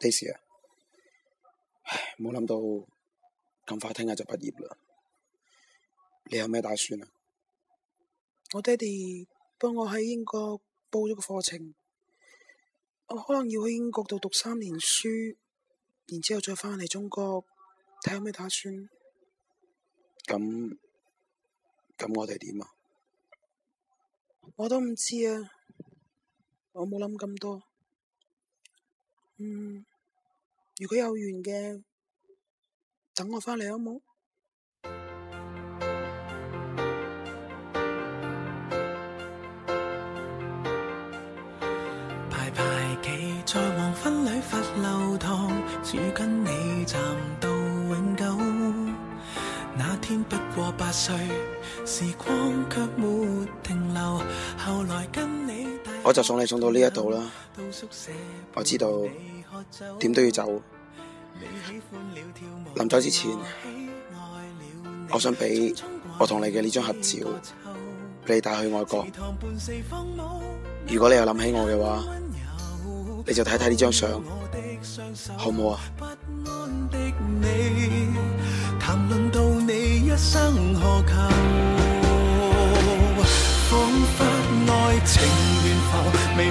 啲事啊！唉，冇諗到咁快，聽日就畢業啦。你有咩打算啊？我爹哋幫我喺英國報咗個課程，我可能要去英國度讀三年書，然之後再翻嚟中國睇有咩打算啊。咁咁，我哋點啊，啊？我都唔知啊！我冇諗咁多。嗯，如果有緣嘅，等我翻嚟好冇。 排排企在黃昏裡罰留堂，只跟你站到永久。那天不過八歲，時光卻沒停留。後來跟。我就送你送到呢一度啦，我知道點都要走。臨走之前，我想俾我同你嘅呢張合照，俾你帶去外國。如果你又諗起我嘅話，你就睇睇呢張相，好唔好啊？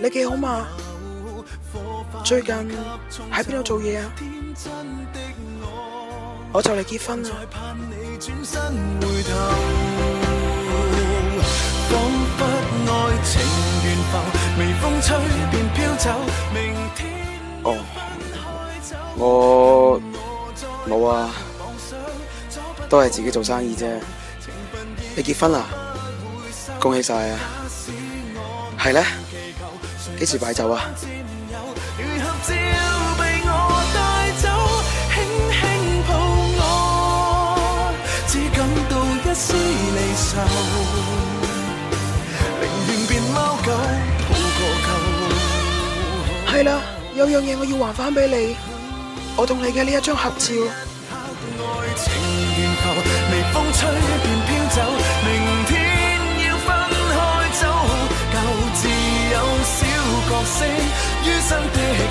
你幾好嘛？最近喺邊度做嘢啊？我就嚟結婚啦！哦，我冇啊，都係自己做生意啫。你結婚啦？恭喜晒啊！係咧。幾時擺酒啊？係啦、 嗯，有樣嘢我要還返俾你，我同你嘅呢一張合照。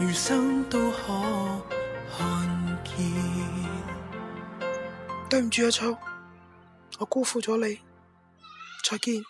餘生都可看見。對、啊，對唔住阿秋，我辜負咗你，再見。